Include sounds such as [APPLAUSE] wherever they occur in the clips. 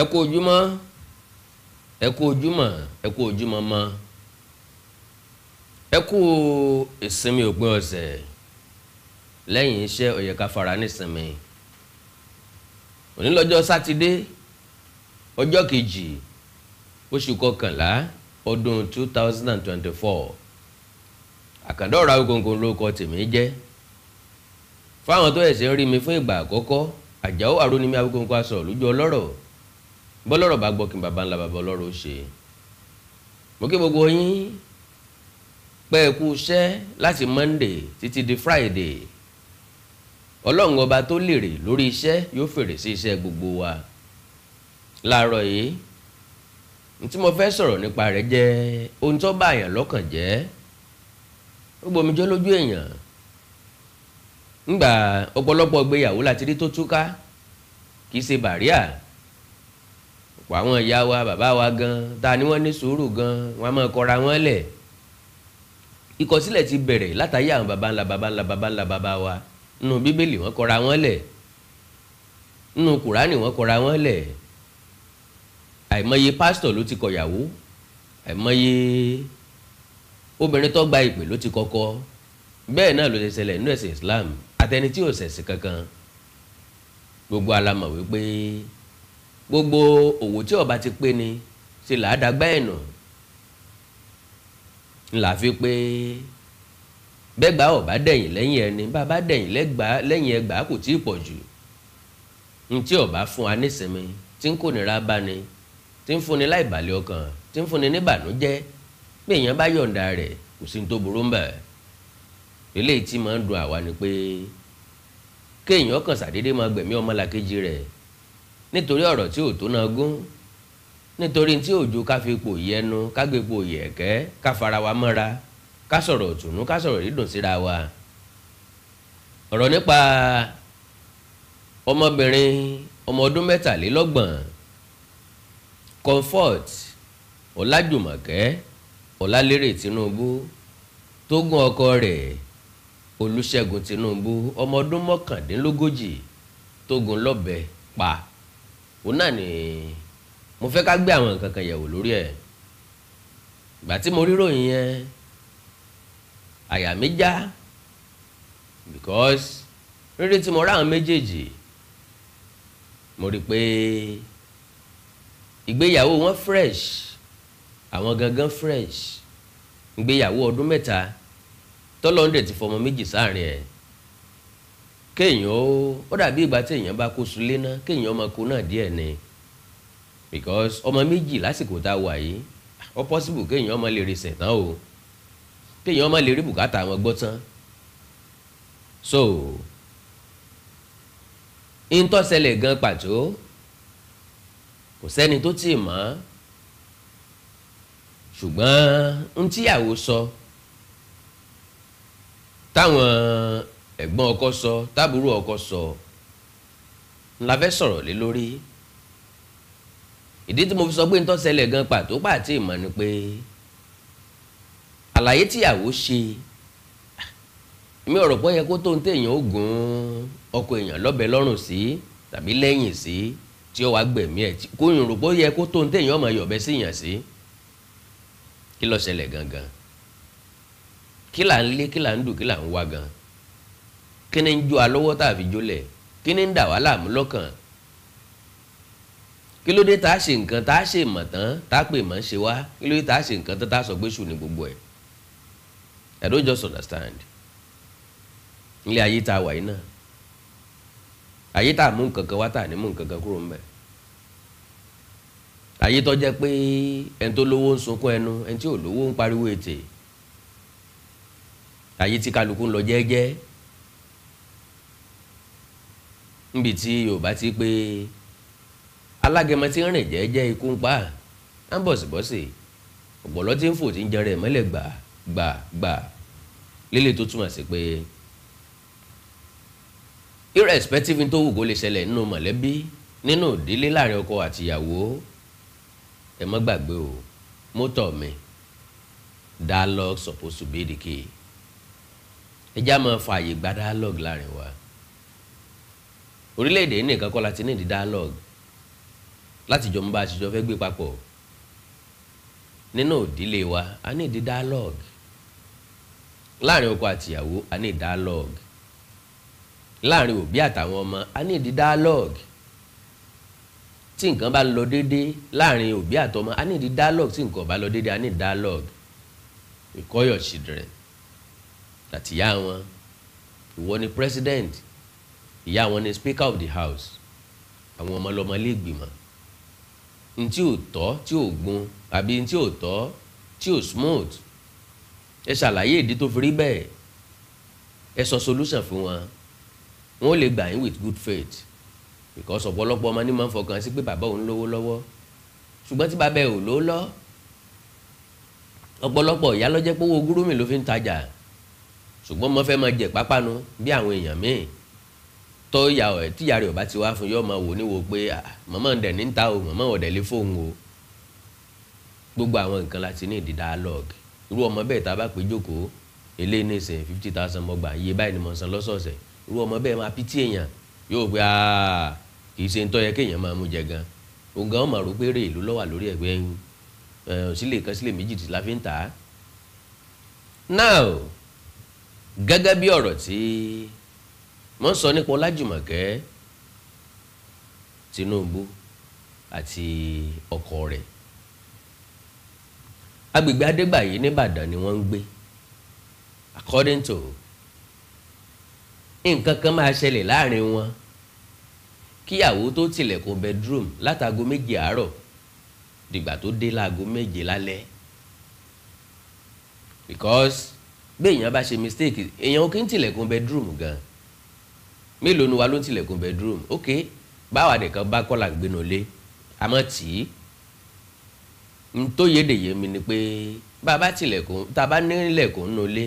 ẹ kú ojúmọ́ ẹ kú ojúmọ́ ẹ kú ojúmọ́ mọ́ ẹ kú ìsinmi òpin ọ̀sẹ̀ lẹ́yìn iṣẹ́ ó yẹ ká fara nísinmi òní lọ́jọ́ sátidé ọjọ́ kejì oṣù kọkànlá ọdún two thousand and twenty-four àkàndá ọ̀rọ̀ Awikonko lórúkọ tèmi jẹ́ fáwọn tó ẹ̀sẹ̀ ń rí mi fún ìgbà àkọ́kọ́ Àjàó Àrò ni mi Awikonko lójú ọlọ́rọ̀ bọ́lọ́rọ̀ bá gbọ́ kí n bàbá ńlá bàbá ọlọ́rọ̀ ó ṣe mo kí gbogbo yín pẹ́ ẹ kú láti monday títí di friday ọlọ́run ọba tó lèrè lórí iṣẹ́ yóò fèrè sí iṣẹ́ gbogbo wa láàárọ̀ yìí n tí mo fẹ́ sọ̀rọ̀ nípa rẹ̀ jẹ́ ohun tó bá àyàn lọ́kàn jẹ́ gbogbo mi lójú èèyàn ńgbà ọ̀pọ̀lọpọ̀ gbéyàwó láti rí tó túká kì í ṣe bàríà ọ̀pọ̀ àwọn ìyá wa bàbá wa gan ta ni wọ́n ní sùúrù gan wọ́n á máa kọra wọn lẹ̀ ìkọsílẹ̀ ti bẹ̀rẹ̀ látàyé àwọn baba ńlá baba ńlá baba ńlá baba wa nínú bíbélì wọ́n kọra wọn lẹ̀ nínú kùránì wọ́n kọra wọn lẹ̀ àìmọye pásítọ̀ ló ti kọyàwó àìmọye obìnrin tó gba ìpè ló ti kọ́kọ́ bẹ́ẹ̀ náà ló ti ṣẹlẹ̀ nínú ẹ̀sìn Islam àtẹni tí ò ṣẹ̀sìn kankan gbogbo alamọ̀ wípé gbogbo òwò tí ọba ti pé ni ṣe là á dàgbà ẹ̀nà ńlá fi pé bẹ́gbà ọba dẹ̀yìn lẹ́yìn ẹni bàbá dẹ̀yìn lẹ́yìn ẹgbà kò tí ì pọ̀ jù ntí ọba fún wa nísinmi tí ń kò nira bá ni tí ń fúnni láìbàlẹ̀ ọkàn tí ń fúnni níbànújẹ́ bí èèyàn bá yọ̀ǹda rẹ̀ kò sí ní tó burú mbẹ̀ eléyìí tí máa ń dùn àwa ni pé kéèyàn kàn ṣàdédé máa gbẹ̀mí ọmọlàkejì rẹ̀ nítorí ọ̀rọ̀ tí ò tó náà gún nítorí tí òjò ká fi ipò yẹnu ká gbé ipò yẹ̀kẹ́ ká fara wa mọ́ra ká sọ̀rọ̀ òtùnú ká sọ̀rọ̀ dídùn síra wa ọ̀rọ̀ nípa ọmọbìnrin ọmọ ọdún mẹ́tàlélọ́gbọ̀n Comfort Ọlájùmọ̀kẹ́ Ọlálérè Tinubu tó gún ọkọ rẹ̀ Olúṣẹ́gun Tinubu ọmọ ọdún mọ́kàndínlógójì tó gún lọ́bẹ pa òun náà ni mo fẹ́ ká gbé àwọn nǹkan kan yẹ̀wò lórí ẹ̀ ìgbà tí mo ríròyìn yẹn àyà mi já because rírí tí mo rá àwọn méjèèjì mo rí i pé ìgbéyàwó wọn fresh àwọn gangan fresh ìgbéyàwó ọdún mẹ́ta tọ́lọ́ndẹ̀ ti fọmọ méjì sáàrin ẹ̀ kéèyàn ó ó dàbí ìgbà téèyàn bá kó sulé ná kéèyàn ọmọ kó náà díẹ̀ ni because ọmọ méjì lásìkò tá a wà yìí ó possible kéèyàn ọmọ lè resẹ̀ tán o kéèyàn ọmọ lè rí bùkátà àwọn gbọ́ tán so ntọ́sẹ̀lẹ̀ gan pàtó kò sẹ́ni tó tì mọ́ ṣùgbọ́n ntíyàwó sọ táwọn ẹ̀gbọ́n ọkọ sọ tábùrú ọkọ sọ ńlá fẹ́ sọ̀rọ̀ lé lórí ìdí tí mo fi sọ pé ntọ́ ṣẹlẹ̀ gan pàtó pàtí ìmọ̀ ni pé àlàyé tíyàwó ṣe mi ọ̀rọ̀ pọ̀ yẹ kó tó ń téèyàn ó gún ọkọ èèyàn lọ́bẹ̀ lọ́rùn sí tàbí lẹ́yìn sí tí ó wàá gbẹ̀mí ẹ̀ kó ìrò pọ̀ yẹ kó tó ń téèyàn ọmọ yọ̀bẹ sí yàn sí kí ló ṣẹlẹ̀ gangan kí là ń lé kí là ń dù kí là ń wá gan kí ni ń jó alọ́wọ́ tá a fi jólẹ̀ kí ni ń dà wá láàmú lọ́kàn kí ló dé tá a ṣe nǹkan tá a ṣe mọ̀ tán tá a pè mọ̀ ṣe wá kí ló dé tá a ṣe nǹkan tán tá a sọ pé ṣù ní gbogbo ẹ̀ I don't just understand ilé ayé tá a wà yìí náà ayé tá a mú nǹkan kan wá tá a ní mú nǹkan kan kúrò ń bẹ̀ ayé tó jẹ́ pé ẹni tó lówó ń sunkún ẹnu ẹni tí ò lówó ń pariwo ètè ayé tí kálukú ń lọ jẹ́ẹ́jẹ́ẹ́ níbi tí yorùbá ti pé alágẹmọ tí ń rìn jẹ́ẹ́jẹ́ ikú ń pa á ń bọ̀sibọ́sì ọ̀pọ̀lọ́ tí ń fò tí ń jẹrẹ ìmọ́lẹ̀ gbà gbà gbà lílé tó túmọ̀ sí pé irrespective tó wù kó lè ṣẹlẹ̀ nínú mọ̀lẹ́bí nínú ìdílé láàrin ọkọ àtìyàwó ẹ má gbàgbé o mọ́tò mi dialogue supposed to be the key ẹ já máa fààyè gba dialogue láàrin wa orílẹ̀-èdè yìí nìkan kọ́ la ti ní ìdí dialogue láti jọ mú bá a ṣe jọ fẹ́ gbé papọ̀ nínú ìdílé wa a ní ìdí dialogue láàrin ọkọ àtìyàwó a ní ìdí dialogue láàrin òbí àtàwọn ọmọ a ní ìdí dialogue tí nǹkan bá lọ déédéé láàrin òbí àtọmọ a ní ìdí dialogue tí nǹkan bá lọ déédéé a ní ìdí dialogue we call children àtìyá wọn ìwọ ni president ìyá wọn ni speaker of the house àwọn ọmọlọmọ lè gbìmọ̀ ntí ò tọ́ tí ò gun àbí ntí ò tọ́ tí ò smooth ẹ ṣàlàyé ìdí tó fi rí bẹ́ẹ̀ ẹ sọ solution fún wọn wọn ò lè gbà yín with good faith because ọ̀pọ̀lọpọ̀ ọmọ ní máa ń fọkàn sí pé bàbá òun lówó lọ́wọ́ ṣùgbọ́n tí bàbá ẹ̀ ò lówó lọ ọ̀pọ̀lọpọ̀ ìyá ló jẹ́ pé owó gúrúmì ló fi ń tajà ṣùgbọ́n mo fẹ́ máa jẹ pápánu bí àwọn èèyàn míì tó yà ọ tí yàrá ò bá ti wá fún yọ ọmọ wò níwò pé mọ̀mọ́ ọ̀dẹ̀ ní ta o mọ̀mọ́ ọ̀dẹ̀ lè fóun o gbogbo àwọn nǹkan láti ní ìdí dialogue irú ọmọ bẹ́ẹ̀ tá bá pè jókòó èlé ní ìsìn fifty thousand mọ́gbà iye báyìí ni mo san lọ́sọ̀ọ̀sẹ̀ irú ọmọ bẹ́ẹ̀ máa pítí èèyàn yóò pé kì í ṣe ń tọ́ yẹ kéèyàn máa mú jẹ gan òun gan ọmọ rò pé rè lọ́wà lórí ẹ̀gbẹ́ now gẹ́gẹ́ bí ọ̀rọ̀ tí. Tí mọ̀ ń sọ nípa Ọlájùmọ̀kẹ́ Tinubu àti ọkọ rẹ̀ agbègbè Adégbàyí nìbàdàn ni wọ́n ń gbé according to nǹkan kan máa ṣẹlẹ̀ láàrin wọn kíyàwó tó tilẹ̀kùn bedroom látago méje àárọ̀ dìgbà tó dé láago méje lálẹ́ because béèyàn bá ṣe mistake èèyàn ò kí ń tilẹ̀kùn bedroom gan-an mélòó nu wa ló ń tilẹ̀kùn bedroom ok báwa nìkan bá kọ́ là gbénu lé àmọ́ tì í n mi ni pé bàbá tilẹ̀kùn tá a bá nílẹ̀kùn nù lé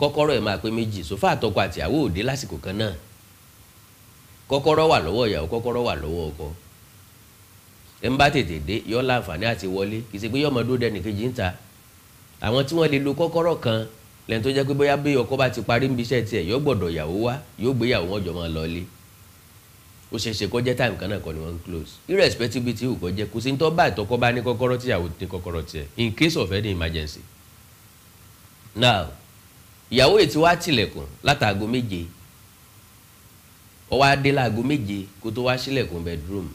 kọ́kọ́rọ́ ẹ̀ máa pé méjì sófà àtọkọ àtìyàwó òde lásìkò kan náà kọ́kọ́rọ́ wà lọ́wọ́ ìyàwó kọ́kọ́rọ́ wà lọ́wọ́ ọkọ ẹ ń bá tètè dé yọ láǹfààní àti wọlé kì í ṣe pé yọmọdún dẹnìkejì ń ta àwọn tí wọ́n lè lo kọ́kọ́rọ́ kan lẹ́yìn tó jẹ́ pé bóyá bí ọkọ bá ti parí níbi iṣẹ́ tiẹ̀ yóò gbọ́dọ̀ yàwó wá yóò gbé yàwó wọn jọ máa lọ ilé ó ṣe é ṣe kó jẹ́ time kan náà kọ́ ni wọ́n ń close irrespectivity ò kọ́ jẹ́ kó sí ní tó bá ìtọ́kọ́ bá ní kọ́kọ́rọ́ tí ìyàwó ní kọ́kọ́rọ́ tiẹ̀ in case of any emergency. now ìyàwó yìí ti wá tilẹ̀kùn látàgò méje ó wá dé láago méje kó tó wá sílẹ̀kùn bedroom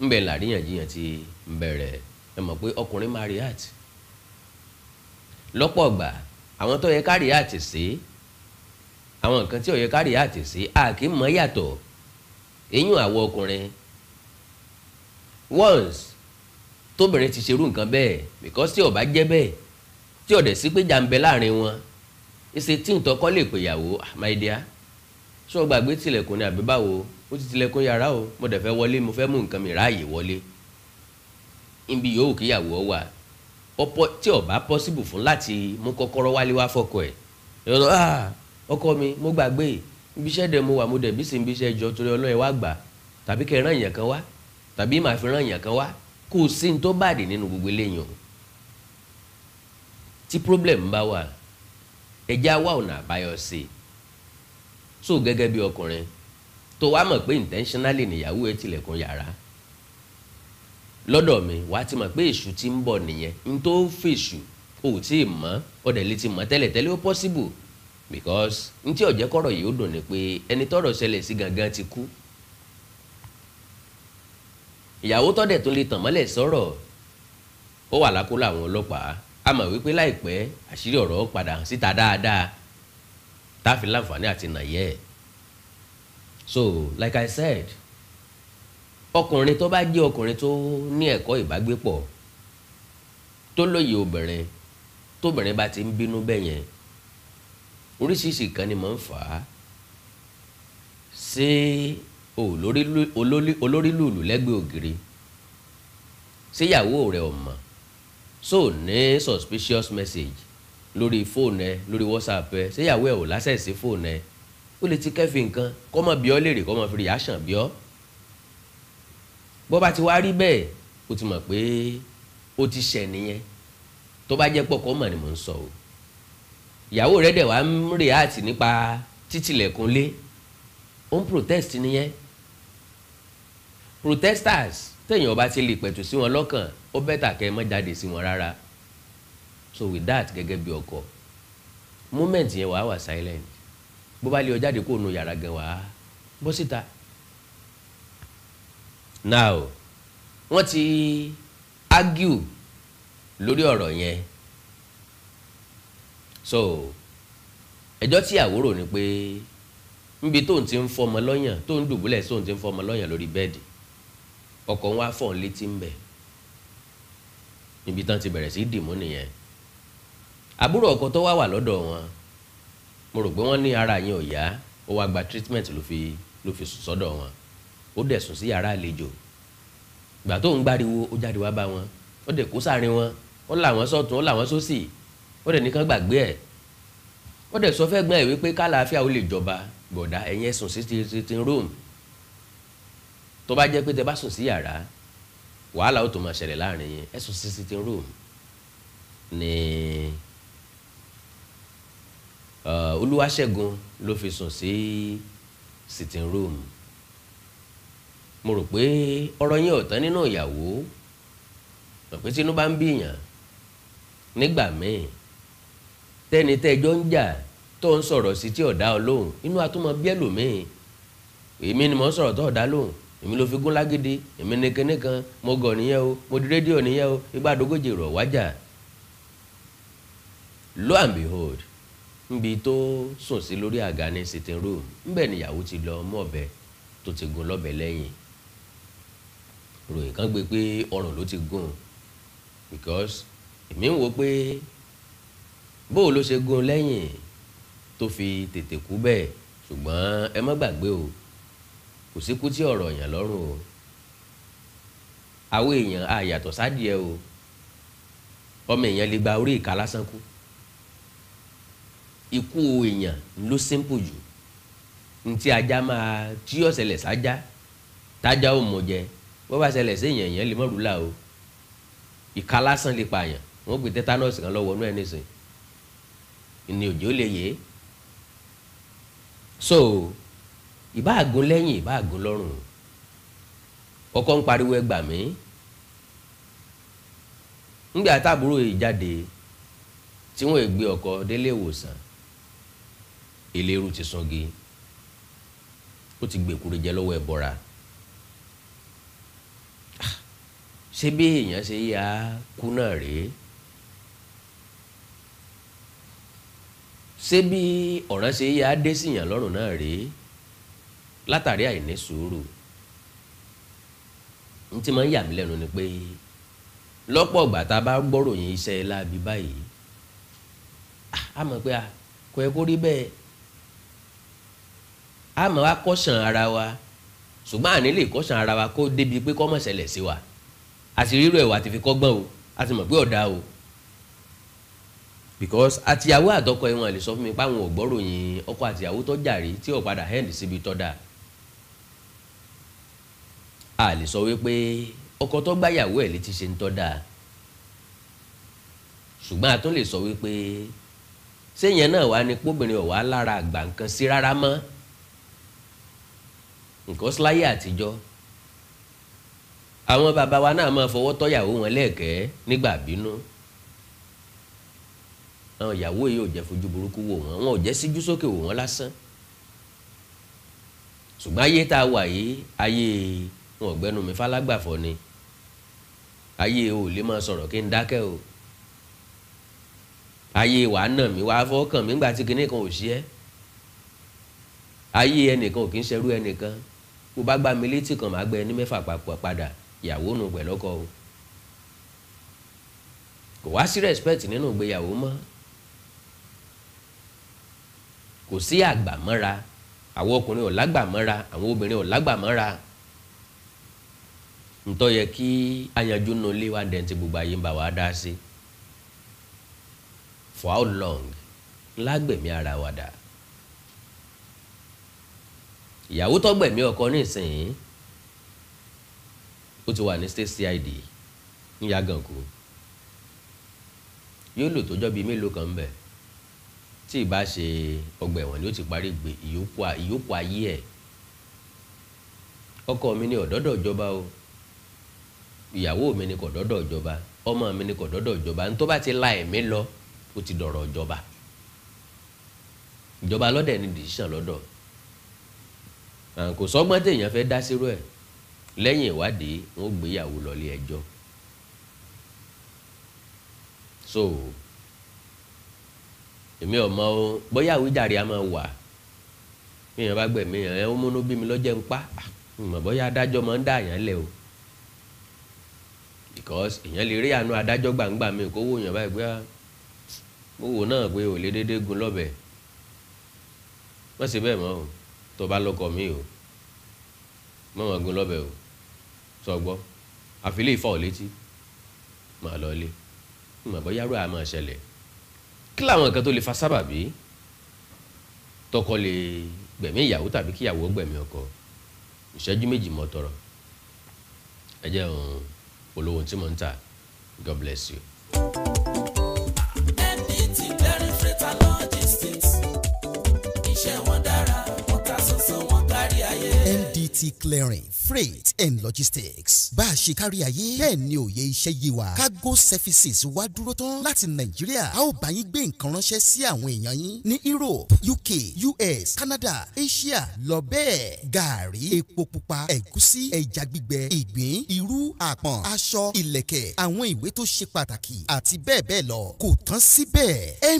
ńbẹ̀ làríyànjiyàn ti bẹ̀rẹ̀ ẹ mọ̀ pé ọkùnrin máa react lọ́pọ̀ ọ̀gbà àwọn tó yẹ kárí àti sí àwọn nǹkan tí ò yẹ kárí àti sí a kì yàtọ̀ eyín àwọn ọkùnrin once tóbìnrin ti ṣerú nǹkan bẹ́ẹ̀ because tí ó bá jẹ́ bẹ́ẹ̀ tí ó dẹ̀ sí pé jàǹbẹ́ láàrin wọn ìṣe tí ntọ́kọ́ lè pè yàwó ah, my dear ṣé o gbàgbé tilẹ̀kùn ni àbí báwo ó ti tilẹ̀kùn yàrá o mo dẹ̀ fẹ́ wọlé mo fẹ́ mú nǹkan mi ráàyè wọlé níbi yòówù kíyàwó wà ọ̀pọ̀ tí ó bá pọ́síbù fún láti mú kọ́kọ́rọ́ wálé wá fọ́kọ ẹ̀ yóò ah ọkọ mi mo gbàgbé ibi iṣẹ́ dẹ̀ mo wà mo dẹ̀ bí sì ń bí iṣẹ́ jọ torí ọlọ́yẹ wá gbà tàbí kẹ́ ràn yàn kan wá tàbí màá fi ràn yàn kan wá kò sí ní tó bàdé nínú gbogbo eléyìí o tí problem bá wà ẹjẹ́ á wá ọ̀nà àbáyọ sí i so gẹ́gẹ́ bí ọkùnrin tó wá mọ̀ pé intentionally nìyàwó ẹ tilẹ̀kùn yàrá lọ́dọ̀ mi wà á ti mọ̀ pé èṣù ti ń bọ̀ nìyẹn n tó fèṣù o ò tí ì mọ̀ ó dẹ̀ lè ti mọ̀ tẹ́lẹ̀tẹ́lẹ̀ ó possible because n tí ọ̀jẹ́ kọ̀rọ̀ yìí ó dùn ni pé ẹni tọ́rọ̀ ṣẹlẹ̀ sí gangan ti kú ìyàwó tọ́dẹ̀ tó lè tàn mọ́lẹ̀ sọ̀rọ̀ ó wà lákòóló àwọn ọlọ́pàá a mọ̀ wípé láìpẹ́ àṣírí ọ̀rọ̀ padà hàn síta dáadáa táàfin láǹfààní àti nàyẹ́ so like I said ọkùnrin tó bá jẹ́ ọkùnrin tó ní ẹ̀kọ́ ìbágbépọ̀ tó lóye obìnrin tóbìnrin bá ti ń bínú bẹ́ẹ̀ yẹn oríṣiríṣi kan ni mò ń fà á ṣé olórí lùlù lẹ́gbẹ̀ẹ́ ògiri ṣé ìyàwó rẹ̀ ọ̀mà so ní suspicious message lórí fóònù ẹ lórí whatsapp ẹ ṣé ìyàwó ẹ ò lásẹ̀ sí fóònù ẹ ó lè ti kẹ́fì nǹkan kọ́ mọ̀ bí ọ́ lè rè kọ́ bó bá ti wá rí bẹ́ẹ̀ o ti mọ̀ pé o ti ṣẹ̀ nìyẹn tó bá jẹ́ pọ̀ kọ́ mọ̀ ni mò ń sọ o ìyàwó rẹ̀ dẹ̀ wá ń react nípa títìlẹ̀kùn lé ó ń protest nìyẹn protesters téèyàn ọba ti lè pẹ̀tù sí wọn lọ́kàn ó bẹ́tà kẹ́ ẹ má jáde sí wọn rárá so with that gẹ́gẹ́ bí ọkọ moment yẹn wàá wà silent bó bá lé ọ jáde kó o nu yàrá gan wàá bọ́ síta. now wọ́n ti argue lórí ọ̀rọ̀ yẹn so ẹjọ́ tí àwòrò ni pé níbi tóun ti ń fọmọ lọ́yàn tóun dùbúlẹ̀ sóun ti ń fọmọ lọ́yàn lórí bẹ́ẹ̀dì ọkọ wọn á fọ̀ ń létí ń bẹ̀ níbi tán ti bẹ̀rẹ̀ sí dìmú nìyẹn àbúrò ọkọ tó wá wà lọ́dọ̀ wọn mo rò pé wọ́n ní ara yẹn ò yá ó wá gba treatment ló fi ló fi sọ́dọ̀ wọn. ó dẹ̀ sùn sí yàrá àlejò ìgbà tó ń gbariwo ó jáde wá bá wọn ó dẹ̀ kó sáàrin wọn ó là wọn sọ́tún ó là wọn sósì ó dẹ̀ nìkan gbàgbé ẹ̀ ó dẹ̀ sọ fẹ́ gbọ́n ẹ̀ wípé kálàáfíà ó lè jọba bọ̀dá ẹ̀yin ẹ̀sùn sí ti rome tó bá jẹ́ pé tẹ bá sùn sí yàrá wàhálà ó tó máa ṣẹlẹ̀ láàrin yẹn ẹ̀sùn sí ti rome ni uh, Olúwaṣẹ́gun ló fi sùn sí sitting room mo rò pé ọ̀rọ̀ yín ọ̀tán nínú ìyàwó mọ̀ pé tínú bá ń bìyàn nígbà míì tẹ́ni tẹ́jọ́ ń jà tó ń sọ̀rọ̀ sí tí ọ̀dá ọ lóhùn inú atúmọ̀ bí ẹlòmíì èmi ni mò ń sọ̀rọ̀ tó ọ̀dá lóhùn èmi ló fi gún lágídí èmi ni kinní kan mo gọ̀ nìyẹn o mo di rédíò nìyẹn o igbá àdógójì rọ̀ wájà lo and behold nbi tó sùn sí lórí àga ní sitting room ńbẹ̀ níyàwó ti lọ mú ọ̀bẹ tó ti gún lọ́bẹ lẹ́yìn ròyìn kan gbé pé ọrùn ló ti gún because èmi ń wo pé bóò ló ṣe gún un lẹ́yìn tó fi tètè kú bẹ́ẹ̀ ṣùgbọ́n ẹ má gbàgbé o kò síkú tí ọ̀rọ̀ èèyàn lọ́rùn o àwọn èèyàn á yàtọ̀ sádìẹ o ọmọ èèyàn lè gba orí ìka lásán kú ikú èèyàn ló simple jù ntí ajá máa tí ọ̀sẹ̀lẹ̀ sájá tájá ò mọ̀ jẹ́ bó bá ṣẹlẹ̀ sí èèyàn èèyàn lè mọ̀ rúlà o ìka lásán lè pààyàn wọ́n gbé tetanus kan lọ́wọ́ inú ẹ̀ nísìn ìní òjò lè yé so ìbá àgún lẹ́yìn ìbá àgún lọ́rùn ọkọ ń pariwo ẹ gbà mí ńgbà táàbúrò yìí jáde tí wọ́n gbé ọkọ délé ìwòsàn ìlérú ti sangi ó ti gbèkúrú lọ́wọ́ ẹ bọ́ra. ṣé bí èèyàn ṣe yá kú náà rèé ṣé bí ọ̀ràn ṣe yá dé síyàn lọ́rùn náà rèé látàrí àìní sùúrù n tí máa ń yà mí lẹ́nu ni pé lọ́pọ̀ ìgbà tá a bá gbọ́ròyìn iṣẹ́ láabi báyìí a mọ̀ pé kò ẹ kó rí bẹ́ẹ̀ a mọ̀ wá kọ́ṣàn ara wa ṣùgbọ́n àní lè kọ́ṣàn ara wa kó débi pé kó sí wa. Si àṣírírò ẹ̀wà àti fi kọ́gbọ́n o a ti mọ̀ pé ọ̀dà o because àtìyàwó àtọkọ ẹ̀ wọn lè sọ fún mi pé àwọn ò gbọ́rò yìn ọkọ àtìyàwó tó jàre tí ò padà hẹ́ǹdì síbi tó dáa a lè sọ wípé ọkọ tó gbáyàwó ẹ̀ lè ti ṣe ń tọ́ dáa ṣùgbọ́n a tún lè sọ wípé séèyàn náà wà ní póbìnrin ọ̀wá lára àgbà nǹkan sí rárá mọ́ nǹkan síláyé àtijọ́ àwọn bàbá wa náà máa fọwọ́ tọ́yàwó wọn lẹ́ẹ̀kẹ́ nígbà bínú àwọn ìyàwó yìí ò jẹ́ fojú burúkú wò wọ́n wọn ò jẹ́ síjú sókè wò wọ́n lásán ṣùgbọ́n ayé tá a wà yìí ayé wọn ò mi falágbàfọ̀ ni ayé o lè máa sọ̀rọ̀ kí n dákẹ́ o ayé wà á nà mí wà á fọwọ́ kàn mí nígbà tí kinní kan ò ṣe é ayé ẹnìkan ò kí ń ṣerú ẹnìkan bó bá gbá mi létí kan màá gbẹ ẹni mẹ́fà papọ̀ padà ìyàwó nù pẹ̀lú ọkọ o kò wá sí respect nínú ìgbéyàwó mọ́ kò sí àgbàmọ́ra àwọn ọkùnrin ò lágbàmọ́ra àwọn obìnrin ò lágbàmọ́ra ntọ́ yẹ kí ayanjú nù lé wa dẹ̀ ti gbogbo ayé ń bá wa dá sí for how long lágbẹ̀mí ara wa dà ìyàwó tó gbẹ̀mí ọkọ nísìnyí ó ti wà ní state cid ní yàgànkù yóò lò tó jọ́ bíi mélòó kan bẹ̀ tí ì bá ṣe ọgbà ẹ̀wọ̀n ni ó ti parí gbé ìyókù ayé ẹ̀ ọkọ mi ni ọ̀dọ́dọ̀ ìjọba o ìyàwó mi ni kò dọ́dọ̀ ìjọba ọmọ mi ni kò dọ́dọ̀ ìjọba ní tó bá ti la ẹ̀mí lọ ó ti dọ̀rọ̀ ìjọba ìjọba lọ́dẹ̀ ni decision lọ́dọ̀ kò sọ́gbọ́n téèyàn fẹ́ dá sírú ẹ̀ lẹ́yìn ìwádìí wọ́n gbéyàwó lọlé ẹjọ́ so èmi ò mọ o bóyá àwíjàre a máa wà míyàn bá gbẹ̀mí yàn ẹ́ ó múnú bí mi lọ́jẹ́ ń pa ah, mọ̀ bóyá adájọ́ máa ń dá àyàn lẹ̀ o because èèyàn lè rí àánú adájọ́ gbàǹgbà mi kó wò yàn báyìí pé ah, mo wò náà pé ò lè déédéé gun lọ́bẹ̀ má ṣe bẹ́ẹ̀ mọ́ o tó bá lọ́kọ mi o má mà gun lọ́bẹ̀ o sọgbọ́ àfilẹ̀ ìfọ̀ létí máa lọ ilé ìmọ̀ bọ́ yàrá àmọ́ ṣẹlẹ̀ kí làwọn nǹkan tó lè fa sábàbí tọkọ lè gbẹ̀mí ìyàwó tàbí kíyàwó gbẹ̀mí ọkọ ìṣẹ́jú méjì mọ́ tọrọ ẹ jẹ́ òun olówó tí mo ń tà God bless you. àti clearing freight and logistics bá a ṣe kárí ayé bẹ́ẹ̀ ni òye iṣẹ́ yé wa cargo services wá dúró tán láti nàìjíríà a ó bá yín gbé nǹkan ránṣẹ́ sí àwọn èèyàn yín ní europe uk us canada asia lọ bẹ́ẹ̀ gàárì epo pupa ẹ̀gúsí ẹja gbígbẹ ìgbín irú àpọ̀n aṣọ ìlẹ̀kẹ̀ àwọn ìwé tó ṣe pàtàkì àti bẹ́ẹ̀ bẹ́ẹ̀ lọ kò tán síbẹ̀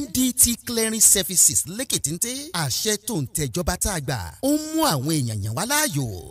mdt clearing services lẹ́kẹ̀tẹ̀ àṣẹ tó ń tẹ̀jọba tá a gbà ó ń mú àwọn èèyàn yàn wá láàyò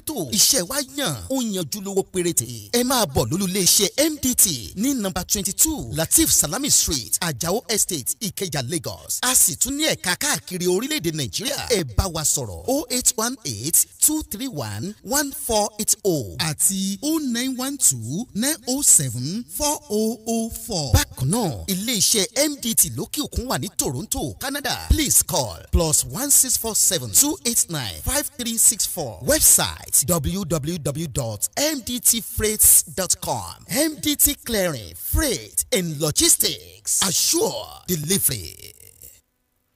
elétò iṣẹ́ wa yàn ó yanjú lówó péréte ẹ máa bọ̀ lólulẹ̀ iṣẹ́ MDT ní nọ́mbà twenty two Latif Salami Street Ajao Estate Ikeja Lagos a sì tún ní ẹ̀ka káàkiri orílẹ̀-èdè Nàìjíríà ẹ bá wa sọ̀rọ̀ o oh eight one eight two three one one four eight o oh àti o oh nine one two nine o seven four o o four. bákan náà ilé-iṣẹ́ MDT lókè òkun wà ní Toronto Canada please call plus one six four seven two eight nine five three six four website website www.mdtfreights.com. MDT Clearing, Freight and Logistics. Assure delivery.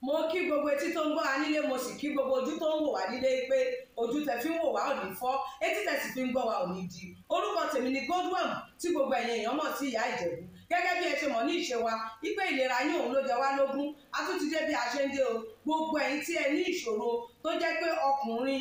mo kí gbogbo etí tó ń gbọ́ wa mo sì kí gbogbo ojú tó ń wò wá nílé pé ojú tẹ fi ń wò wá ò ní fọ́ etí tẹ sì fi ń gbọ́ wa ò ní di orúkọ tèmi ni Godwin tí gbogbo ẹ̀yin èèyàn mọ̀ sí ìyá Ìjẹ̀bú gẹ́gẹ́ bí ẹ ṣe mọ̀ ní ìṣe wa ìlera yín òun ló jẹ wá lógún a tún ti dé bí a ṣe ń dé o gbogbo ẹ̀yin tí ẹ ní ìṣòro tó jẹ́ pé ọkùnrin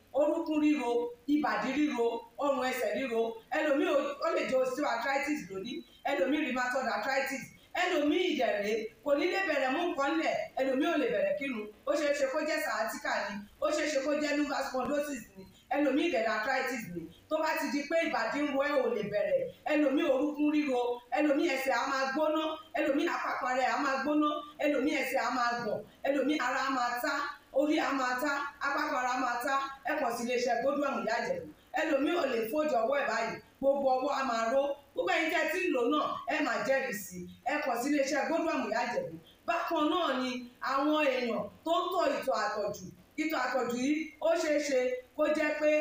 orúnkún ríro ìbàdí ríro ọrùn ẹsẹ̀ ríro ẹlòmíì ó lè jẹ́ osteoarthritis lónìí ẹlòmíì rheumatoid arthritis ẹlòmíì ìdẹ̀rẹ̀ kò ní lè bẹ̀rẹ̀ mú nǹkan lẹ̀ ẹlòmíì ò lè bẹ̀rẹ̀ kírun ó ṣeé ṣe kó jẹ́ sciatica ni ó ṣeé ṣe kó jẹ́ lumbar spondylosis ni ẹlòmíì ìdẹ̀rẹ̀ arthritis ni tó bá ti di pé ìbàdí ń ro ẹ̀ ò lè bẹ̀rẹ̀ ẹlòmíì orúnkún ríro ẹlòmíì ẹsẹ̀ á máa gbóná ẹlòmíì àpapọ̀ rẹ̀ á máa gbóná ẹlòmíì ẹsẹ̀ á máa gbọ̀n ẹlòmíì ara á máa tá orí a máa ta apákọ̀ọ́ra máa ta ẹ pọ̀ sí iléeṣẹ́ gbódú àmì ìyájẹ̀ ẹlòmíì ò lè fojú ọwọ́ ẹ̀ báyìí gbogbo ọwọ́ a máa ró gbogbo ẹ̀yin tẹ́ ẹ ti ń lò náà ẹ máa jẹ́rìí sí ẹ pọ̀ sí iléeṣẹ́ gbódú àmì ìyájẹ̀ bákan náà ni àwọn èèyàn tó ń tọ̀ ìtọ̀ àtọ̀jù ìtọ̀ àtọ̀jù yìí ó ṣeé ṣe kó jẹ́ pé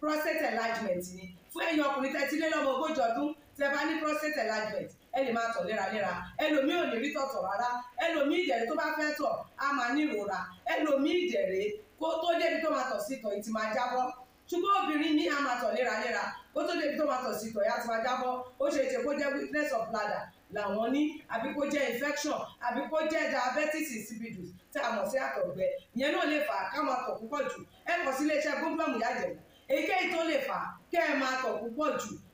prostate enlargement ni fún ẹ̀yin ọkùnrin tẹ́ ti lé lọ́mọ ogójì ọdún tẹ́ bá ní prostate enlargement ẹ lè máa tọ̀ léraléra ẹlòmíì ò ní rí tọ̀tọ̀ rárá ẹlòmíì ìjẹ̀rẹ̀ tó bá fẹ́ tọ̀ á máa ní ìrora ẹlòmíì ìjẹ̀rẹ̀ kó tó débi tó máa tọ̀ sí tọ̀ ìtì máa jábọ́ ṣùgbọ́n obìnrin ní a máa tọ̀ léraléra kó tó débi tó máa tọ̀ sí tọ̀ ìyá ti máa jábọ́ ó ṣe é ṣe kó jẹ́ weakness of bladder làwọn ní àbí kó jẹ́ infection àbí kó jẹ́ diabetes insipidus tí a mọ̀ sí àtọ̀gbẹ ìyẹn náà lè fà á ká máa tọ̀ púpọ̀ jù ẹ kàn sí iléeṣẹ́ gómìnà ìyá jẹ̀mú èyíkéyìí tó lè fà á kẹ́ ẹ máa tọ̀ púpọ̀ jù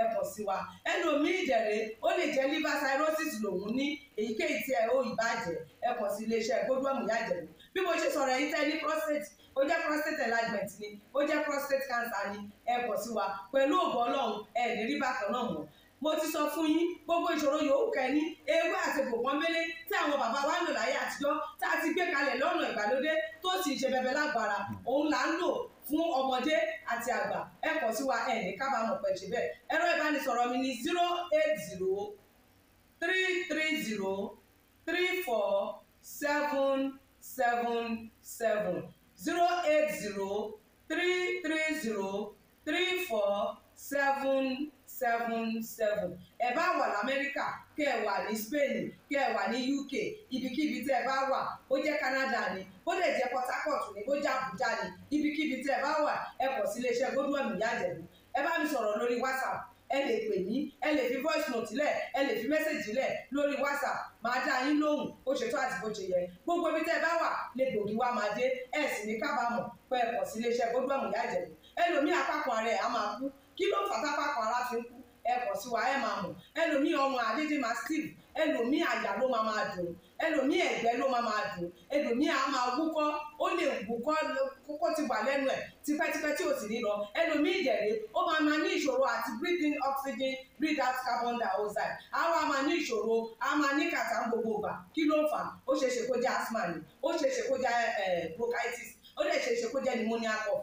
ẹ̀bọ̀ sí wa ẹlòmíì ìdẹ̀rẹ̀ ó lè jẹ́ liver cirrhosis lòun ní èyíkéyìí tí ẹ ó ìbàjẹ́ ẹ̀bọ̀ sí iléeṣẹ́ gbódúọ̀mù yájẹ̀lú bí mo ṣe sọ̀rọ̀ yìí tẹ́ prostate ó jẹ́ prostate enlargement ni ó jẹ́ prostate cancer ni ẹ̀bọ̀ sí wa pẹ̀lú ògbọ́n ọlọ́run ẹ̀ ní rí bákan náà mọ́ mo ti sọ fún yín gbogbo ìṣòro yòówù kẹ́ni ewé àti gbòǹkan mélé tí àwọn bàbá wa ń lò láyé àtijọ́ tá a ti gbé kalẹ̀ lọ́nà ìgbàlódé tó sì ṣe bẹbẹ lágbára òun là ń lò fún ọmọdé àti àgbà ẹ kọ sí wa ẹ ní kábàámọ̀ pẹ̀ ṣe bẹ́ẹ̀ ẹ̀rọ ìbánisọ̀rọ̀ mi ní zero eight zero three three zero three four seven seven seven zero eight zero three three zero three four seven seven seven ẹ bá wà lamẹ́ríkà kẹ́ ẹ wà ní spain kẹ́ ẹ wà ní uk ibikíbi tẹ́ ẹ bá wà ó jẹ́ canada ni ó lè jẹ́ port harcourt ni ó jẹ́ abuja ni ibikíbi tẹ́ ẹ bá wà ẹ kọ̀ sí iléeṣẹ́ godwin ìyájẹ̀bù ẹ bá mi sọ̀rọ̀ lórí whatsapp ẹ lè pè mí ẹ lè fi voice note lẹ̀ ẹ lè fi message lẹ̀ lórí whatsapp máa dá yín lóhùn ó ṣètò àti bó ṣe yẹ gbogbo ibi tẹ́ ẹ bá wà lè gbòógì wá máa dé ẹ sì ní kábàámọ̀ pé ẹ kọ̀ sí iléeṣẹ́ godwin ìyájẹ̀bù ẹlòmíì apákan rẹ̀ á máa kú kí ló fà tápá kan ara fi ń kú ẹ kọ̀ sí wa ẹ máa mọ̀ ẹlòmíì ọmọ àdédé máa steve ẹlòmíì àyà ló máa máa dùn ẹlòmíì ẹ̀gbẹ́ ló máa máa dùn ẹlòmíì á máa wúkọ́ ó lè wúkọ́ kókó ti wà lẹ́nu ẹ̀ tipẹ́tipẹ́ tí ò sì ní lọ ẹlòmíì ìjẹ̀lẹ̀ ó máa máa ní ìṣòro àti breathe in oxygen breathe out carbon dioxide á wá máa ní ìṣòro á máa ní kàtà gbogbo ìgbà kí ló ń fà ó ṣeéṣe kó jẹ́ asthma ni ó ṣeéṣe kó jẹ́ bronchitis ó dẹ̀ ṣeéṣe kó jẹ́ pneumonia cough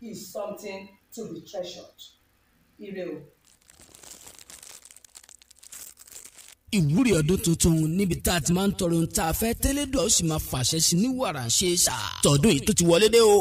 is something to be treasured. Ire o. ìwúrí ọdún tuntun níbi tá a ti máa ń tọrọ ohun tá a fẹ́ tẹ́lẹ̀ dọ̀ ó sì máa fàṣẹ sí ní wàrà ṣe é ṣá. tọdún yìí tó ti wọlé dé o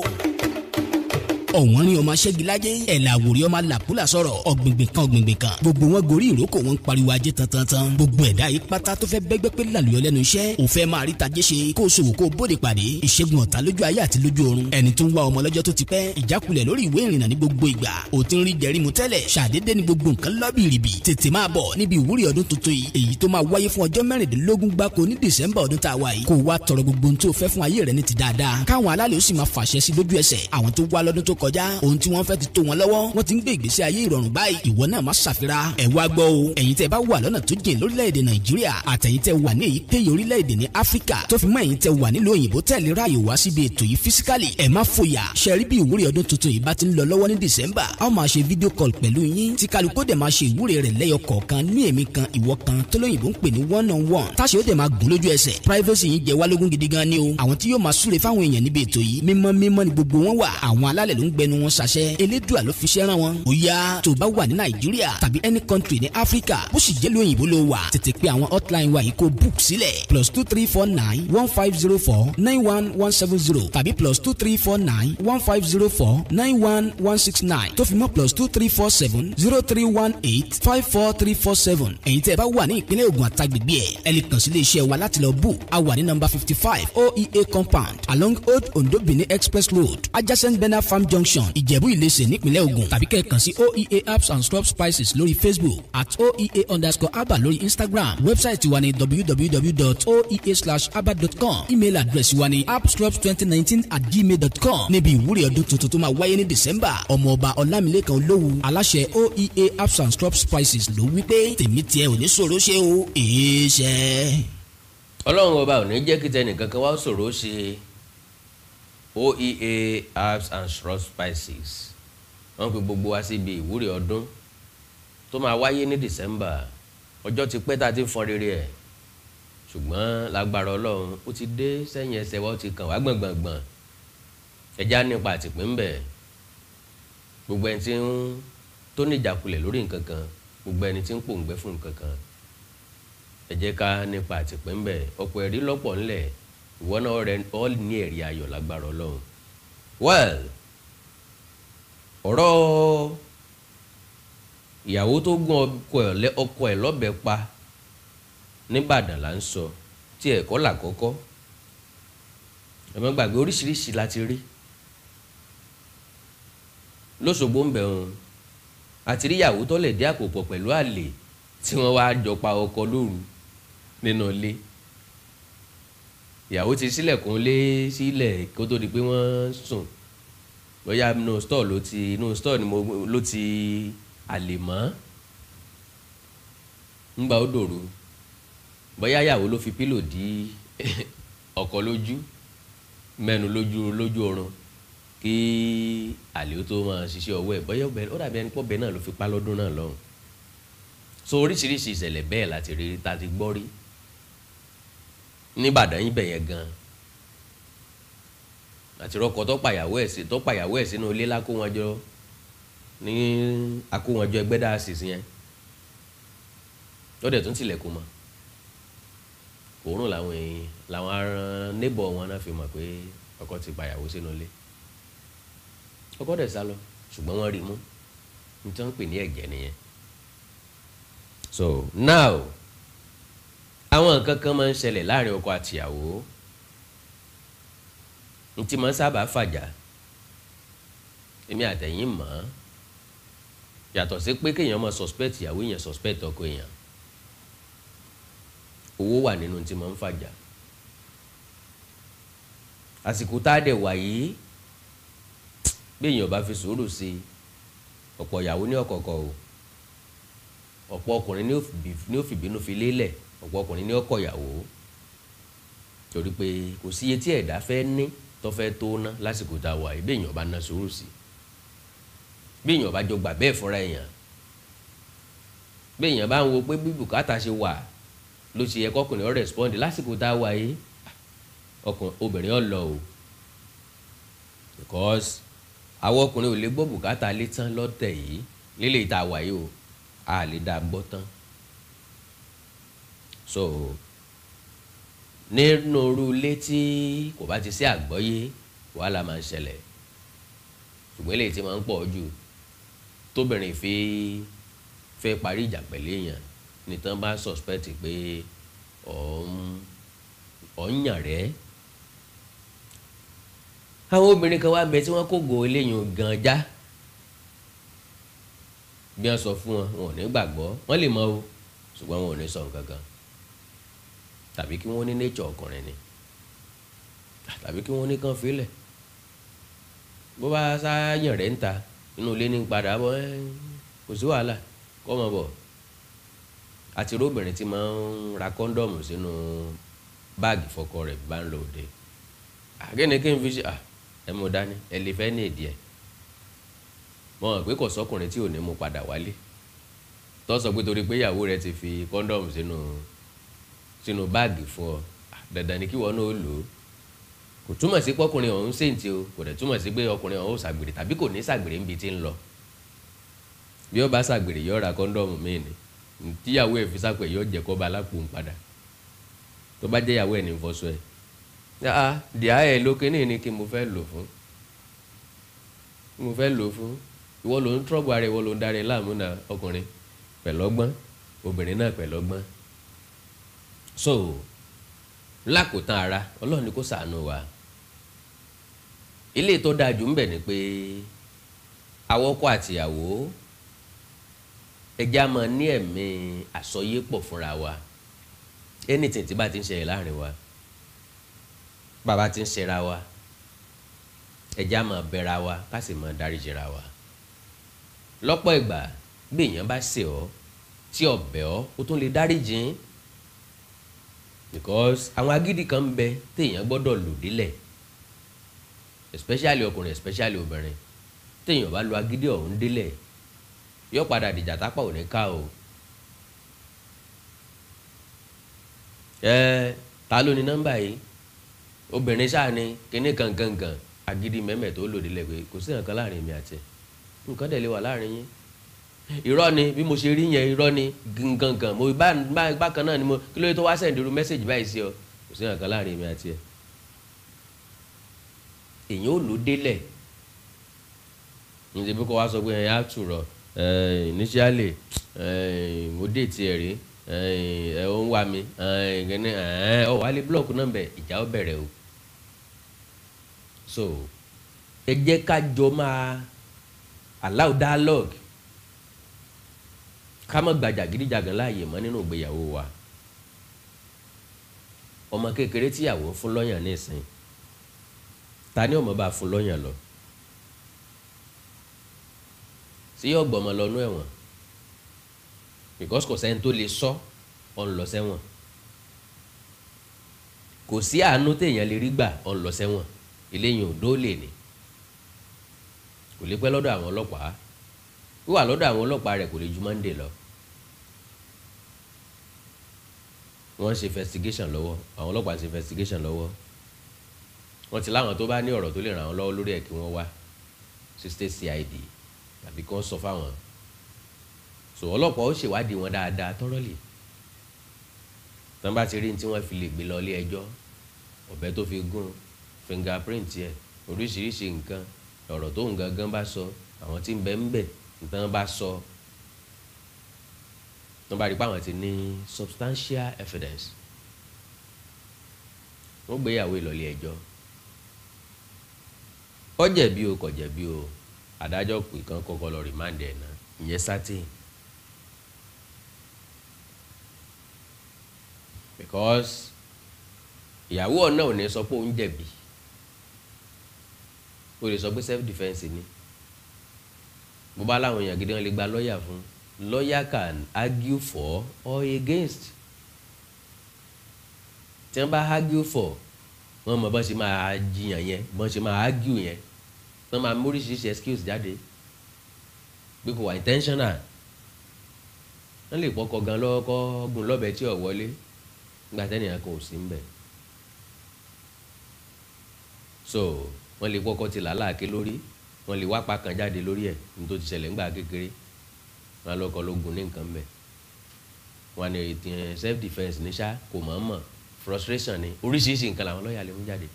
ọ̀wọ́n rin ọmọ aṣẹ́gilájẹ́ ẹ̀là àwòrí ọmọ làpúlà sọ̀rọ̀ ọ̀gbìngbìn kan ọ̀gbìngbìn kan gbogbo wọn gorí ìrókò wọn ń pariwo ajé tantantan gbogbo ẹ̀dá yìí pátá tó fẹ́ bẹ́gbẹ́ pé làlùyọ lẹ́nu iṣẹ́ ò fẹ́ máa rí tajé ṣe kó o ṣòwò kó o bóde pàdé ìṣègùn ọ̀tá lójú ayé àti lójú ọ̀run ẹni tó ń wá ọmọ lọ́jọ́ tó ti pẹ́ ìjákulẹ̀ lórí ìwé ìrìnnà ní gbogbo ìgbà ò ti ń rí jẹrí mu tẹ́lẹ̀ ṣàdédé ni gbogbo nǹkan lọ́bìrìbì tètè máa bọ̀ níbi ìwúrí ọdún tuntun yìí èyí tó máa wáyé fún ọjọ́ mẹ́rìndínlógún gbáko ní dẹ̀sẹ̀mbà ọdún tá a wà yìí kó o wá tọrọ gbogbo ohun tó fẹ́ fún ayé rẹ ní ti dáadáa káwọn alálẹ̀ ó sì máa fàṣẹ sí lójú ẹsẹ̀ àwọn tó wá lọ́dún tó k kọjá ohun tí wọ́n fẹ́ ti tó wọn lọ́wọ́ wọ́n ti ń gbé ìgbésí ayé ìrọ̀rùn báyìí ìwọ náà má ṣàfira ẹ̀ wá gbọ́ o ẹ̀yin tẹ́ bá wà lọ́nà tó jìn lórílẹ̀ nàìjíríà àtẹ̀yin tẹ́ wà ní èyíkéyìí orílẹ̀ ní áfíríkà tó fi mọ́ ẹ̀yin tẹ́ wà nílùú òyìnbó tẹ̀lé ráàyè wá síbi ètò yìí físíkàlì ẹ̀ má fòyà ṣe bí ìwúrí ọdún tuntun yìí bá ti ń lọ lọ́wọ́ ní december a ó máa ṣe fídíò kọ́l gbẹnu wọn ṣàṣẹ elédùà ló fi ṣẹ́ rán wọn. ó yá tó bá wà ní nàìjíríà tàbí any country ní áfíríkà bó sì jẹ́ lóyìnbó ló wà tètè pé àwọn hotline wa yìí kó book sílẹ̀ plus two three four nine one five zero four nine one one seven zero tàbí plus two three four nine one five zero four nine one one six nine tó fi mọ́ plus two three four seven zero three one eight five four three four seven ẹ̀yin tẹ́ ẹ bá wà ní ìpínlẹ̀ Ògùn àtàgbègbè ẹ̀ ẹ lè kàn sí iléeṣẹ́ wa láti lọ book a wà ní nọ́mbà fifty five oea compound along old ondo benin express road adjacent bena farm junction junction ìjẹ̀bú ìlẹsẹ̀ nípínlẹ̀ Ògùn tàbí kẹ́ẹ̀kan sí oea Apps and shrub spices lórí facebook at oea underscore herbal lórí instagram wẹ́bsáìtì wa ni www.oea/herbal.com email address wa ni appshrubs2019 at gmail.com níbi ìwúrí ọdún tuntun tó máa wáyé ní december ọmọọba ọlámilẹ́kan olówu aláṣẹ oea Apps and shrub spices ló wí pé tèmi tiẹ̀ ò ní sọ̀rọ̀ ṣe o èé ṣe. ọlọ́run ọba ò ní jẹ́ kí tẹnìkankan wá sọ̀rọ̀ ṣe oea herbs and shrub spices wọ́n pe gbogbo wa síbi ìwúre ọdún tó máa wáyé ní december ọjọ́ ti pẹ́ tá a ti ń fọ rere ẹ̀ ṣùgbọ́n lágbára ọlọ́run ó ti dé sẹ́yìn ẹsẹ̀ wa ó ti kàn wá gbọ̀ngbọ̀ngbọ̀n ẹja nípa àtìpín ń bẹ̀ gbogbo ẹni tí ń tó ní ìjákulẹ̀ lórí nǹkan kan gbogbo ẹni tí ń pòǹgbẹ fún nǹkan kan ẹ ká nípa àtìpín ń bẹ̀ ọ̀pọ̀ ẹ̀rí lọ́pọ̀ ńlẹ̀ ìwọ náà rẹ ọ ní ẹ̀rí ayọ̀ lágbára ọlọ́run well ọ̀rọ̀ ìyàwó tó gún ọkọ ẹ̀ lọ́bẹ pa nìbàdàn là ń sọ tí ẹ̀kọ́ là kọ́kọ́ ẹ má gbàgbé oríṣiríṣi la ti rí lóṣogbo ń bẹ̀ wọn àti rí ìyàwó tó lè dé àpòpọ̀ pẹ̀lú àlè tí wọ́n wá jọ pa ọkọ lóru nínú ilé. No ìyàwó ti sílẹ̀kùn lé sílẹ̀ kó tó di pé wọ́n sùn bóyá inú store ló ti inú store ni mo ló ti àlè mọ́ ńgbà ó dòru bóyá ìyàwó ló fi pílò dí [LAUGHS] ọkọ lójú mẹ́nu lójú lójú oorun kí àlè ó tó máa ṣiṣẹ́ ọwọ́ ẹ̀ bóyá ọbẹ̀ ó dàbí ẹni pọ̀ bẹ́ẹ̀ náà ló fi pa lọ́dún náà lọ́hùn so oríṣiríṣi ìṣẹ̀lẹ̀ bẹ́ẹ̀ láti rí ta ti gbọ́ rí nìbàdàn yín bẹ̀yẹn gan àti rọkọ tó pàyàwó ẹ̀ sí tó pàyàwó ẹ̀ sínú ilé lákó wọn jọ ní akó wọn jọ ẹgbẹ́ dáa sísìn yẹn lọ́dẹ̀ tó ń tilẹ̀kùn mọ́ òórùn làwọn èèyàn làwọn aràn nébọ̀ wọn náà fi mọ̀ pé ọkọ ti pàyàwó sínú ilé ọkọ dẹ̀ sá lọ ṣùgbọ́n wọ́n rí mú nítorí pè ní ẹ̀jẹ̀ nìyẹn so now àwọn nǹkan kan máa ń ṣẹlẹ̀ láàrin ọkọ àtìyàwó n ti máa ń sábà fàjà èmi àtẹ̀yìn mọ̀ ọ́ yàtọ̀ sí pé kéèyàn máa suspect ìyàwó èèyàn suspect ọkọ èèyàn owó wà nínú tí máa ń fàjà àsìkò tá a dẹ̀ wà yìí bí èèyàn bá fi sùúrù sí i ọ̀pọ̀ ìyàwó ní ọ̀kọ̀ọ̀kọ̀ o ọ̀pọ̀ ọkùnrin ní ó fi lélẹ̀ ọ̀pọ̀ ọkùnrin ní ọkọ ìyàwó torí pé kò sí iye tí ẹ̀dá fẹ́ ní tó fẹ́ tó ná lásìkò tá a wà bí èèyàn bá ná sùúrù sí bí èèyàn bá jọ gbà bẹ́ẹ̀ fúnra èèyàn bí èèyàn bá ń wo pé bí bùkátà ṣe wà ló ṣe yẹ kọkùnrin ọ rẹspọ́ndì lásìkò tá a wà yìí ọkùnrin obìnrin ọ lọ o because àwọn ọkùnrin ò lè gbọ́ bùkátà lé tán lọ́tẹ̀ yìí lílé ìta wà yìí o a lè dá gbọ́ tán so nínú irú ilé tí kò bá ti sí àgbọ́yé wàhálà máa ń ṣẹlẹ̀ ṣùgbọ́n eléyìí ti máa ń pọ̀ jù tóbìnrin fi fẹ́ parí ìjà pẹ̀lú èèyàn nìtàn bá suspect pé ọ̀ ń yàn rẹ́ àwọn obìnrin kan wá bẹ tí wọ́n kógo eléyìí gan já bí wọ́n sọ fún wọn wọn ò ní gbàgbọ́ wọ́n lè mọ̀ o ṣùgbọ́n wọn ò ní sọ nǹkan kan tàbí kí wọ́n ní nature ọkùnrin ni tàbí kí wọ́n ní kàn fílẹ̀ bó bá sáyàn rẹ̀ ń ta inú ilé ní padà bọ́ kò sí wàhálà kọ́ ọmọ bọ̀ àti róbìnrin tí máa ń ra kọ́ńdọ̀mù sínú báàgì fọkọ rẹ̀ bá ń lọ òde àgẹ́ni kí n fi ṣe à ẹ mú dání ẹ lè fẹ́ ní ìdí ẹ̀ mọ̀ pé kò sọkùnrin tí ò ní mú padà wálé tó sọ pé torí pé ìyàwó rẹ̀ ti fi kọ́ńdọ̀mù sínú. No sínú báàgì fún ọ ah, dandan ni kí wọn náà lò ó kò túmọ̀ sí pọkùnrin ọ̀hún ṣèǹtì o kò dẹ̀ túmọ̀ sí pé ọkùnrin ọ̀hún ṣàgbèrè tàbí kò ní ṣàgbèrè níbi tí ń lọ bí ó bá ṣàgbèrè yóò ra kọ́ńdọ̀mù míì ni tíyàwó ẹ̀ fi sápẹ̀ yóò jẹ́ kó ba alápò ń padà tó bá jẹ́yàwó ẹ̀ ní fọ́sọ ẹ̀ ah dìá ẹ̀ lókè ní ní kí mo fẹ́ lò fún kí mo fẹ́ lò fún ìwọ ló ń trọ́bù ara ìwọ ló ń darí láàmú náà ọkùnrin pẹ̀lọ́gbọ́n obìnrin náà pẹ̀lọ́gbọ́n so lákòótán ara ọlọ́run ni kó ṣàánú wa ilé tó dáa jù ń bẹ̀ ni pé àwọn ọkọ àtìyàwó ẹja máa ní ẹ̀mí àsọyépọ̀ fúnra wa anything tí bá ti ń ṣẹlẹ̀ láàrin wa bàbá ti ń ṣera wa ẹja máa bẹra wa ká sì máa dáríjìra wa lọ́pọ̀ ìgbà bí èèyàn bá ṣe ọ́ tí ọ̀bẹ̀ ọ́ ó tún lè dáríjìn because àwọn agidi kan ń bẹ téèyàn gbọ́dọ̀ lò délẹ̀ especially ọkùnrin especially obìnrin téèyàn bá lo agidi ọ̀hún délẹ̀ yọ padà dìjà tápà ò ní ká o ta ló ni mẹ́mẹ́ tó lò délẹ̀ pé kò sí nǹkan láàrin mi àti nǹkan dẹ̀ lè wà láàrin irọ́ ni bí mo ṣe rí yẹn irọ́ ni gangan mo bá bákan náà ni mo kí ló yẹ tó wá sẹ̀ǹdìrú mẹ́sẹ̀gì báyìí sí ọ kò sí nǹkan láàrin mi àti ẹ èyàn ò ló délẹ̀ ǹjẹ́ bí kò wá sọ pé ẹ̀yà àtúrọ̀ initially mo dé tiẹ̀ rí ẹ ó ń wá mi gẹ́ni ọ wá lé búlọ̀kù náà bẹ̀ ìjà ó bẹ̀rẹ̀ o so ẹ jẹ́ ká jọ máa allow dialogue ká má gba jàgídíjàgàn láàyè mọ́ nínú ìgbéyàwó wa ọmọ kékeré tíyàwó fún lọ́yàn nísìn ta ni ọmọ bá fún lọ́yàn lọ sí yóò gbọ́mọ lọ́nú ẹ̀wọ̀n because kò sẹ́ni tó lè sọ ọ̀n lọ sẹ́wọ̀n kò sí àánú téèyàn lè rí gbà ọ̀n lọ sẹ́wọ̀n eléyìí ò dóòlè ni kò lè pẹ́ lọ́dọ̀ àwọn ọlọ́pàá wíwà lọ́dọ̀ àwọn ọlọ́pàá rẹ̀ kò lè ju Monday lọ wọ́n ń ṣe investigation lọ́wọ́ àwọn ọlọ́pàá ń ṣe investigation lọ́wọ́ wọ́n ti láwọn tó bá ní ọ̀rọ̀ tó lè ràn wọ́n lọ́wọ́ lórí ẹ̀ kí wọ́n wá sí state CID tàbí kí wọ́n sọ fáwọn so ọlọ́pàá ó ṣèwádìí wọn dáadáa tọ́rọ́lì tán bá ti rí ní tí wọ́n fi lè gbé lọ ilé ẹjọ́ ọ̀bẹ tó fi gún fingerprint yẹ oríṣiríṣi nǹkan ọ̀rọ̀ tó ń gangan bá sọ àwọn tí ń bẹ ń bẹ̀ nǹkan wọn bá sọ wọn bá rí i àwọn ti ní substantial evidence wọ́n gbé ìyàwó ìlọlẹ ẹjọ́ ó jẹ̀bi o kò jẹ̀bi o adájọ́ pè kán kọ́kọ́ lọ rìmáǹdì ẹ̀ náà ìyẹn sátìn because ìyàwó ọ̀nà ò ní sọ pé òun jẹ̀bi ó lè sọ pé self defence ni bó bá láwọn èèyàn gidi wọn lè gba lọ́ọ̀yà fún lọ́ọ̀yà can argue for or against tí wọ́n bá argue for wọ́n mọ̀ bọ́n ṣe máa jiyàn yẹn bọ́n ṣe máa argue yẹn wọ́n máa móríṣiríṣi excuse jáde pé kò wà intentional wọ́n lè pọkọ gan lọ́kọ́ gun lọ́bẹ̀ tí ò wọlé nígbà tẹ́nìyàn kan ò sí ń so wọ́n lè pọkọ ti làálàá ké lórí wọn lè wá pa kan jáde lórí ẹ̀ nítorí ti ṣẹlẹ̀ ńgbà kékeré wọn á lọ́kọ̀ lógun ní nǹkan bẹ̀ wọn ni ètò self defence ní eh, sá kò mọ̀ mọ̀ frustration ni oríṣiríṣi nǹkan làwọn lọ́ọ̀yà lè mú jáde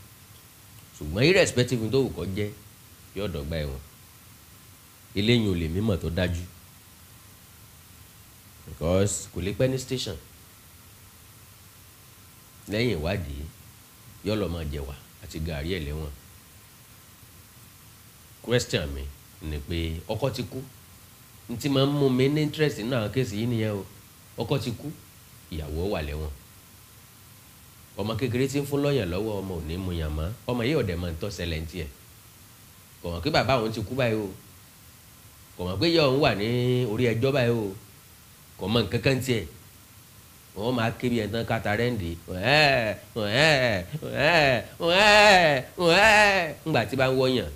ṣùgbọ́n irrespective tó wù kọ́ jẹ́ yóò dọ̀gba ẹ̀wọ̀n eléyìí ò lè mímọ̀ tó dájú because kò lè pẹ́ ní station lẹ́yìn ìwádìí yóò lọ́ọ́ máa jẹ̀wà àti gàrí ẹ̀ lẹ́wọ̀n question mi ni pé ọkọ ti kú n ti máa ń mi ní interest nínú àwọn kéèsì yìí nìyẹn o ọkọ ti kú ìyàwó wà lẹ́wọ̀n ọmọ kékeré ti ń fún lọ́yàn lọ́wọ́ ọmọ ò mu yàn mọ́ ọmọ yìí ọ̀dẹ̀ máa ń tọ́ sẹlẹ̀ ń tiẹ̀ kò mọ̀ pé bàbá òun ti kú báyìí o kò mọ̀ pé ìyá òun wà ní orí ẹjọ́ báyìí o kò mọ̀ nǹkan kan tiẹ̀ wọ́n máa kébi ẹ̀ tán kata rẹ́ǹdì ńgbà tí bá ń wọ́yàn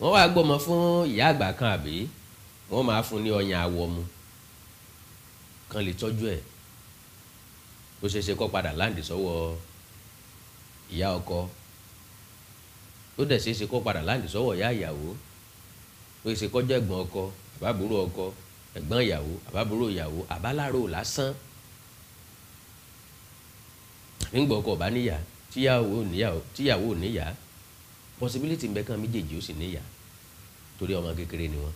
wọ́n wá gbọ́mọ fún ìyá àgbà kan àbí wọ́n máa fún ní ọyàn awọ mu kan lè tọ́jú ẹ̀ ó ṣeé ṣe kó padà láǹdì sọ́wọ́ ìyá ọkọ ó dẹ̀ ṣeé ṣe kó padà láǹdì sọ́wọ́ ìyá ìyàwó ó ṣe kó jẹ́ ẹ̀gbọ́n ọkọ àbábúrò ọkọ ẹ̀gbọ́n ìyàwó àbábúrò ìyàwó àbálárò lásán nígbà ọkọ ò bá níyà tíyàwó ò níyà possibility nbẹ kan méjèèjì ó sì níyà torí ọmọ kékeré ni wọn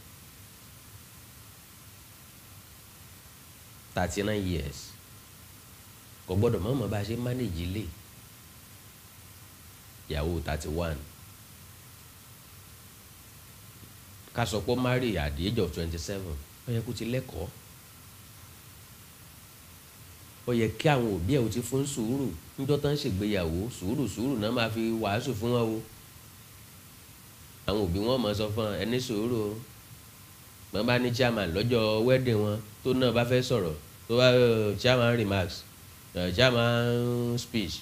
thirty nine years kò gbọ́dọ̀ mọ̀ọ́mọ̀ bá a ṣe manage ilé ìyàwó thirty one ká sọ pé marry at the age of twenty seven ó yẹ kó ti lẹ́kọ̀ọ́ ó yẹ kí àwọn òbí ẹ̀ ó ti fún sùúrù níjọ́ tán ṣègbéyàwó sùúrù sùúrù náà máa fi wàásù fún wọn o àwọn òbí wọn mọ̀ sọ fún ẹ ní sùúrù o mọ̀ bá ní chairman lọ́jọ́ wedding wọn tó náà bá fẹ́ sọ̀rọ̀ tó bá oh, chairman remarks eh, chairman speech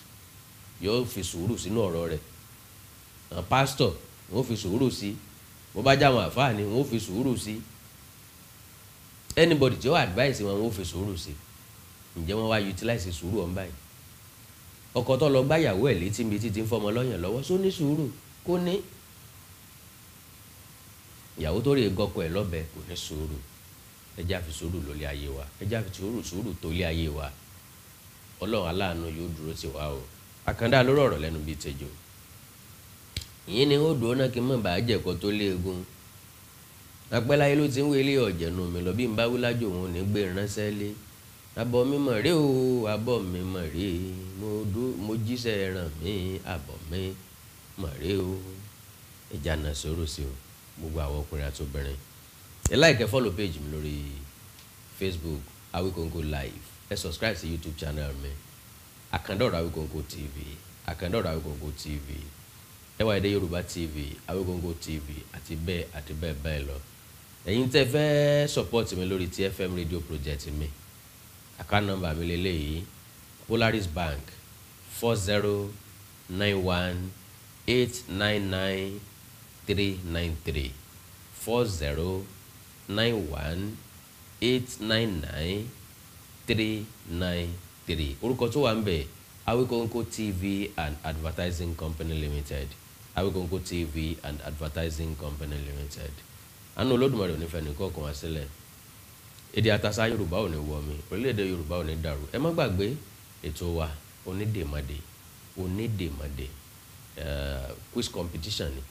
yóò fi sùúrù sínú ọ̀rọ̀ rẹ̀ pastor wọ́n fi sùúrù sí bó bá jáwọn àfáà ni wọ́n fi sùúrù sí anybody tí ó advice wọn wọ́n fi sùúrù sí ǹjẹ́ wọ́n wá utilize sùúrù ọ̀n báyìí ọkọ tó lọ gbáyàwó ẹ̀ létí mi títí ń fọmọ lọ́yàn lọ́wọ́ só ní sùúrù kó ní. ìyàwó tó rí gọkọ ẹ lọ́bẹ kò ní sùúrù ẹjẹ́ àfi sùúrù lólé ayé wa ẹjẹ́ àfi sùúrù sùúrù tólé ayé wa ọlọ́run aláàánú yóò dúró tì wa o àkàndá lórí rọrọ lẹnu bíi tẹjọ ìyẹn ni ó dùn ó náà kí n mọ̀ bá jẹ̀kọ́ tó lé egun apẹ́láyé ló ti ń wọlé ọ̀jẹ̀nu mi lọ bí n bá wí lájò òun ní gbé ránṣẹ́ lé abọ́ mi mọ̀ rí o abọ́ mi mọ̀ rí mo jíṣẹ́ ẹran mi abọ́ mi mọ̀ rí o ìjà náà sọ̀rọ̀ sí o. gbogbo àwọn ọkùnrin àti obìnrin ẹ like ẹ follow page mi lórí Facebook Awikonko live ẹ subscribe sí YouTube channel mi Akandọ̀rọ̀ Awikonko TV Akandọ̀rọ̀ Awikonko TV ẹ wá èdè Yorùbá TV Awikonko TV àti bẹ́ẹ̀ àti bẹ́ẹ̀ bẹ́ẹ̀ lọ ẹ̀yin tẹ́ fẹ́ support mi lórí ti FM radio project mi account number mi lélẹ́yìí Polaris Bank four zero nine one eight nine nine three nine three four zero nine one eight nine nine three nine three orúkọ tó wà ń bẹ̀ Awikonko TV and Advertising Company Limited Awikonko TV and Advertising Company Limited àánú Olódùmarè ò ní fẹ́ nìkan kan wá sílẹ̀ èdè àtàsà Yorùbá ò ní wọ̀ mí orílẹ̀-èdè Yorùbá ò ní dàrú ẹ má gbàgbé ètò wa onídèmọ̀dè onídèmọ̀dè eh, quiz competition ni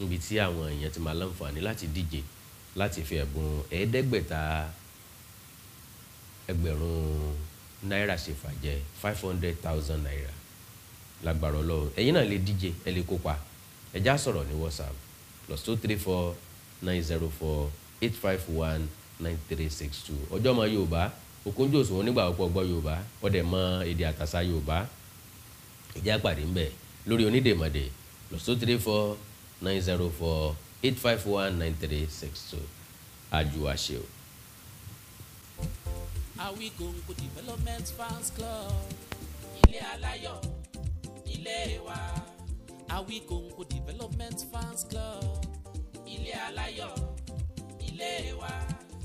níbi tí àwọn èèyàn ti máa láǹfààní láti díje láti fi ẹ̀bùn ẹ̀ẹ́dẹ́gbẹ̀ta ẹgbẹ̀rún náírà ṣe fàjẹ́ five hundred thousand naira lágbára ọlọ́run ẹ̀yin náà lè díje ẹ lè kópa ẹ sọ̀rọ̀ ní whatsapp plus two three four nine zero four eight five one nine three six two ọjọ́ ọmọ yorùbá okunjú òṣùwọ̀n nígbà ọ̀pọ̀ ọgbọ́ yorùbá ọdẹ mọ èdè àtàṣà yorùbá ìjà pàdé ńbẹ lórí onídèmọ̀dè plus two three four nine zero four eight five one nine three six two àjùwà ṣe o. Awikonko development fans club ilé aláyọ̀ ilé wa. Awikonko development fans club ilé aláyọ̀ ilé wa